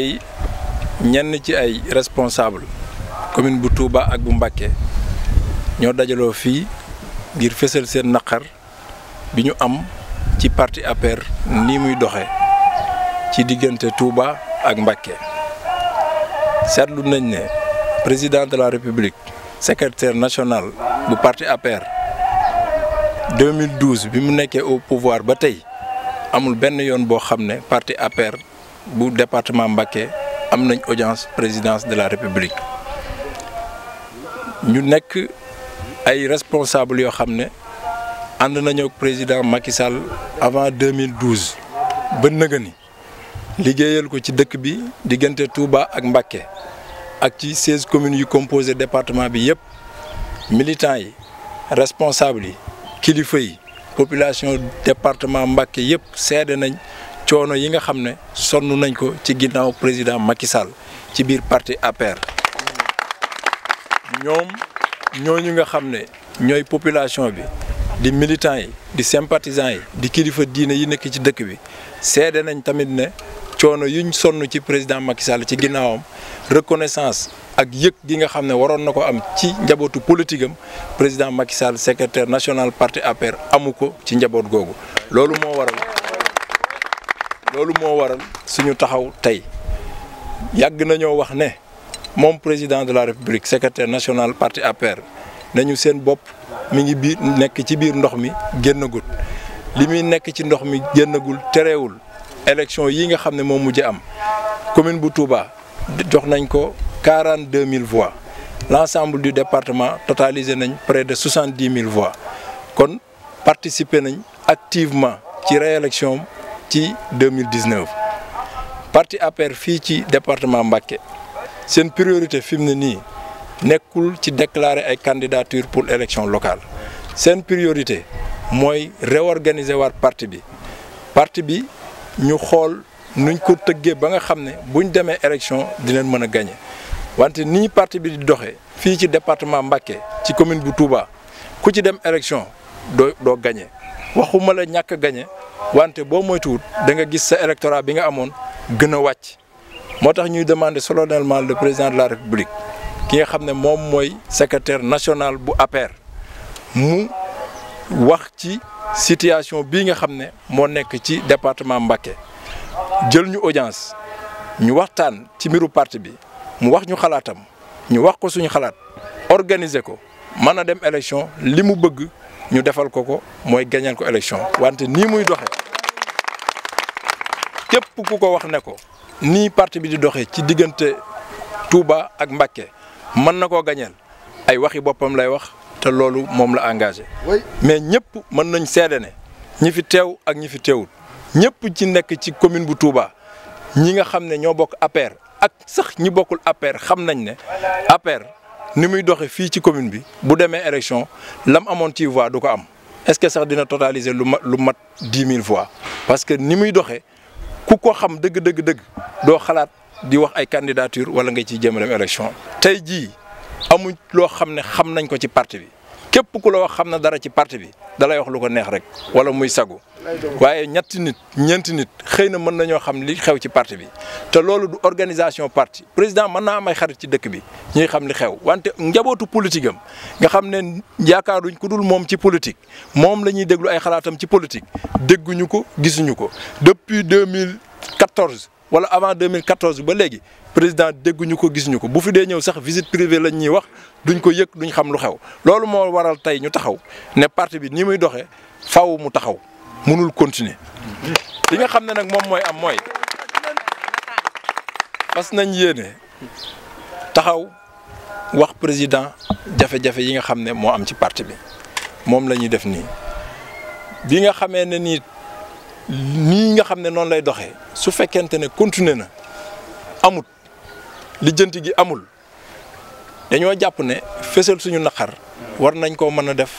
tey ñenn ci ay responsable commune bu Touba ak bu Mbacké ñoo dajaloo fii ngir fësal seen naqar bi ñu am ci parti APR ni muy doxe ci diggante Touba ak Mbacké seetlu nañ ne président de la République secrétaire national bu parti APR 2012 bi mu nekkee au pouvoir ba tey amul benn yoon boo xam ne parti APR bu département Mbacké am nañ audience présidence de la république ñu nekk ay responsables yoo xam ne ànd nañu ak président Macky Sall avant 2012 ba nëga ni liggéeyal ko ci dëkk bi diggante Touba ak Mbacké ak ci 16 communes yu composé département bi yëpp militants yi responsables yi kilifa yi population département Mbacké yëpp seede nañ coono yi nga xam ne sonn nañ ko ci ginnaaw président Macky ci biir parti APR ñoom ñooñu nga xam ne ñooy population bi di militants yi di sympathisants yi di kilifa diine yi nekk ci dëkk bi seede nañ tamit ne coono yuñ sonn ci président Macky ci ginnaawam reconnaissance ak yëg gi nga xam ne waroon na ko am ci njabootu politique am président Macky secretaire national parti APR amu ko ci njaboot googu loolu moo waral. loolu moo waral suñu taxaw tey yàgg nañoo wax ne moom président de la république secretaire nationale parti APR nañu seen bopp mi ngi biir nekk ci biir ndox mi génnagul li muy nekk ci ndox mi génnagul terewul élection yi nga xam ne moom mujj am commune bu Touba jox nañ ko quarante deux mille voix l' ensemble du département totaliser nañ près de soixante dix mille voix kon participer nañ activement ci réélection ci 2019 parti APR fii ci département Mbacké seen priorité fi mu ne nii nekkul ci déclarer ay candidature pour élection locale seen priorité mooy réorganiser waat parti bi parti bi ñu xool nuñ ko tëggee ba nga xam ne buñ demee élection dinañ mën a gagner wante nii parti bi di doxee fii ci département Mbacké ci commune bu Touba ku ci dem élection doo doo gagner waxuma la ñàkk gañe wante boo moytuwut da nga gis sa électorat bi nga amoon gën a wàcc moo tax ñuy demander solennellement le président de la république ki nga xam ne moom mooy secretaire national bu APR mu wax ci situation bi nga xam ne moo nekk ci département Mbacké jël ñu audience ñu waxtaan ci mbiru parti bi mu wax ñu xalaatam ñu wax ko suñu xalaat organiser ko mën a dem élection li mu bëgg. ñu defal ko ko mooy gañal ko élection wante nii muy doxe képp ku ko wax ne ko ni parti bi di doxee ci diggante Touba ak Mbacké mën na ko gañeel ay waxi boppam lay wax te loolu moom la engagé mais ñëpp mën nañ seede ne ñi fi teew ak ñi fi teewul ñëpp ci nekk ci commune bu Touba ñi nga xam ne ñoo bokk APR ak sax ñi bokkul APR xam nañ ne APR ni muy doxee fii ci commune bi bu demee élection lam amoon ci voix du ko am est-ce que sax dina totaliser lu mat lu mat dix mille voix parce que ni muy doxee ku ko xam dëgg dëgg dëgg doo xalaat di wax ay candidature wala nga ci jëm dem élection. tey jii amuñ loo xam ne xam nañ ko ci parti bi. képp ku la wax xam na dara ci parti bi dalay wax lu ko neex rek wala muy sagu waaye ñetti nit ñeenti nit xëy na mën na ñoo xam li xew ci parti bi te loolu du organisation parti président mën naa am ay xarit ci dëkk bi ñuy xam li xew wante njabootu politique am nga xam ne yaakaaruñ ku dul moom ci politique moom la ñuy déglu ay xalaatam ci politique dégguñu ko gisuñu ko depuis 2014 wala avant 2014 ba léegi président dégguñu ko gisuñu ko bu fi dee ñëw sax visite privée lañ ñuy wax duñ ko yëg duñ xam lu xew loolu moo waral tey ñu taxaw ne parti bi ni muy doxee faw mu taxaw mënul continuer li nga xam ne nag moom mooy am mooy fas nañ yéene taxaw wax président jafe-jafe yi nga xam ne moo am ci parti bi moom la ñuy def nii bi nga xamee ne nii nii nga xam ne noonu lay doxee su fekkente ne continuer na amut lijjanti gi amul dañoo jàpp ne fësal suñu naqar war nañ koo mën a def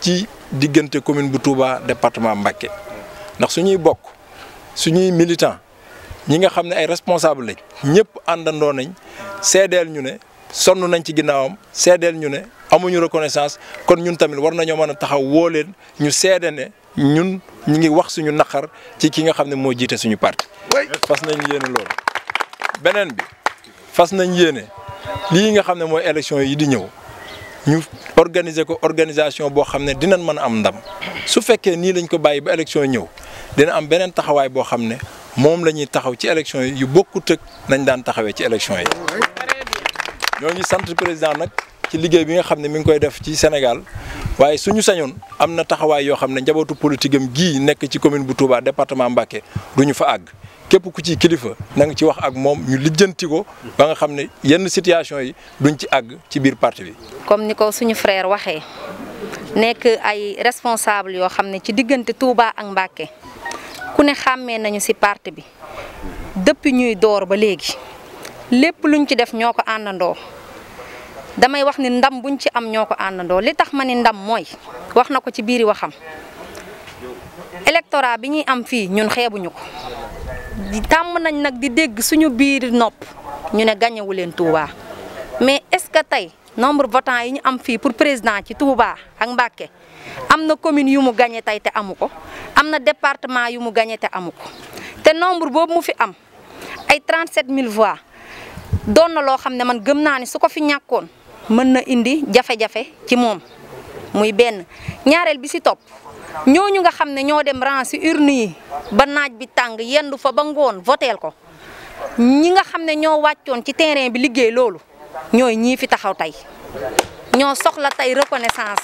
ci diggante commune bu Touba département Mbacké ndax suñuy bokk suñuy militant ñi nga xam ne ay responsable lañ ñëpp àndandoo nañ seedeel ñu ne sonn nañ ci ginnaawam seedeel ñu ne amuñu reconnaissance kon ñun tamit war nañoo mën a taxaw woo leen ñu seede ne. ñun ñu ngi wax suñu naqar ci ki nga xam ne moo jiite suñu parti fas nañ yéene loolu beneen bi fas nañ yéene lii nga xam ne mooy élection yi di ñëw ñu organiser ko organisation boo xam ne dinañ mën a am ndam su fekkee nii lañ ko bàyyi ba élection ñëw dina am beneen taxawaay boo xam ne moom la ñuy taxaw ci élection yi yu bokkut ak nañ daan taxawee ci élection yi ñoo ngi sant président nag ci liggéey bi nga xam ne mu ngi koy def ci Sénégal waaye suñu sañoon am na taxawaay yoo xam ne njabootu politique am gii nekk ci commune bu Touba département Mbacké du ñu fa àgg képp ku ci kilifa na nga ci wax ak moom ñu lijjanti ba nga xam ne yenn situation yi duñ ci àgg ci biir parti bi. comme ni ko suñu frère waxee nekk ay responsable yoo xam ne ci diggante Touba ak Mbacké ku ne xàmmee nañu ci parti bi depuis ñuy door ba léegi lépp luñ ci def ñoo ko àndandoo. damay wax ni ndam buñ ci am ñoo ko àndandoo li tax ma ni ndam mooy wax na ko ci biiri waxam électorat bi ñuy am fii ñun xeebuñu ko tàmm nañ nag di dégg suñu biir nopp ñu ne gagné leen Touba mais est-ce que tey nombre votant yi ñu am fii pour président ci Touba ak Mbacké am na commune yu mu gagné tey te amu ko am na département yu mu gagné te amu ko te nombre boobu mu fi am ay mille voix doon na loo xam ne man gëm naa ni su ko fi ñàkkoon. mën na indi jafe-jafe ci moom muy benn ñaareel bi si topp ñooñu nga xam ne ñoo dem rang si yi ba naaj bi tàng yendu fa ba ngoon voteel ko ñi nga xam ne ñoo wàccoon ci terrain bi liggéey loolu ñooy ñii fi taxaw tey ñoo soxla tey reconnaissance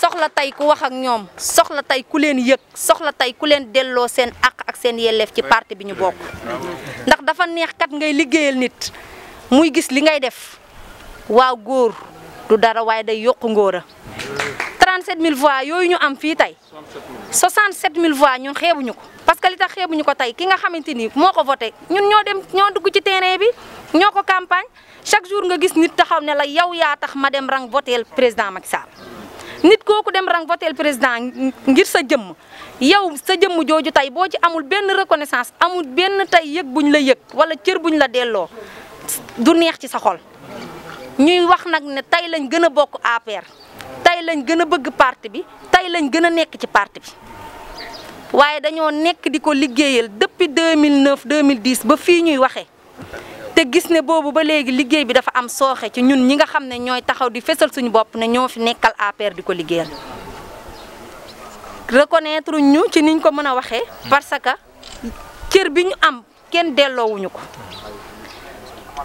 soxla tey ku wax ak ñoom soxla tey ku leen yëg soxla tey ku leen delloo seen àq ak seen yelleef ci parti bi ñu bokk ndax dafa neex kat ngay liggéeyal nit muy gis li ngay def waaw góor du dara waaye day yokku ngóora mille voix yooyu ñu am fii tey mille voix ñun xeebuñu ko parce que li tax xeebuñu ko tey ki nga xamante ni moo ko voté ñun ñoo dem ñoo dugg ci terrain bi ñoo ko campagne chaque jour nga gis nit taxaw ne la yow yaa tax ma dem rang voteel président Macky Sall nit kooku dem rang voteel président ngir sa jëmm yow sa jëmm jooju tey boo ci amul benn reconnaissance amul benn tey yëg buñ la yëg wala cër buñ la delloo du neex ci sa xol ñuy wax nag ne tey lañ gën a bokk APR tey lañ gën a bëgg parti bi tey lañ gën a nekk ci parti bi waaye dañoo nekk di ko liggéeyal depuis 2009 2010 ba fii ñuy waxee te gis ne boobu ba léegi liggéey bi dafa am sooxe ci ñun ñi nga xam ne ñooy taxaw di fesal suñu bopp ne ñoo fi nekkal APR di ko liggéeyal reconnaître ñu ci niñ ko mën a waxee parce que cër bi ñu am kenn delloowuñu ko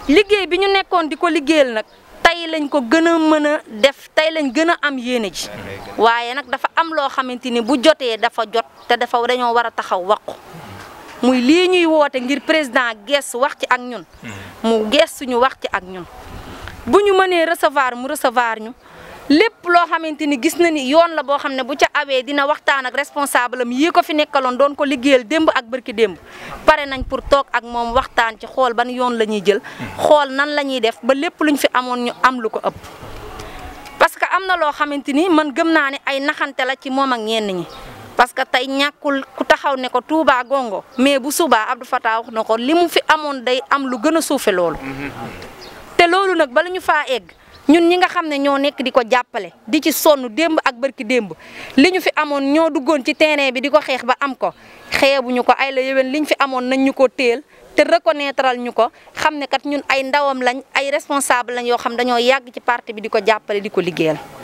liggéey bi ñu nekkoon di ko liggéeyal nag tey lañ ko gën a mën a def tey lañ gën a am yéene ji waaye nag dafa am loo xamante ni bu jotee dafa jot te dafa dañoo war a taxaw waqu muy lii ñuy woote ngir président gees wax ci ak ñun hmm. mu gees suñu wax ci ak ñun bu ñu mënee recevoir mu recevoir ñu lépp loo xamante ni gis na ni yoon la boo xam ne bu ca awee dina waxtaan ak responsable am yii ko fi nekkaloon doon ko liggéeyal démb ak bërki démb pare nañ pour toog ak moom waxtaan ci xool ban yoon la ñuy jël xool nan la ñuy def ba lépp lu ñu fi amoon ñu am lu ko ëpp parce que am na loo xamante ni man gëm naa ne ay naxante la ci moom ak ñenn ñi parce que tey ñàkkul ku taxaw ne ko Touba Gongo mais bu subaa Abdou Fatah wax ne ko li mu fi amoon day am lu gën a suufe loolu mm-hmm. te loolu nag bala ñu egg ñun ñi nga xam ne ñoo nekk di ko jàppale di ci sonn démb ak bërki démb li ñu fi amoon ñoo duggoon ci terrain bi di ko xeex ba am ko xeebuñu ko ay la li ñu fi amoon nañ ñu ko téel te reconnaîtral ñu ko xam ne kat ñun ay ndawam lañ ay responsable lañ yoo xam dañoo yàgg ci parti bi di ko jàppale di ko liggéeyal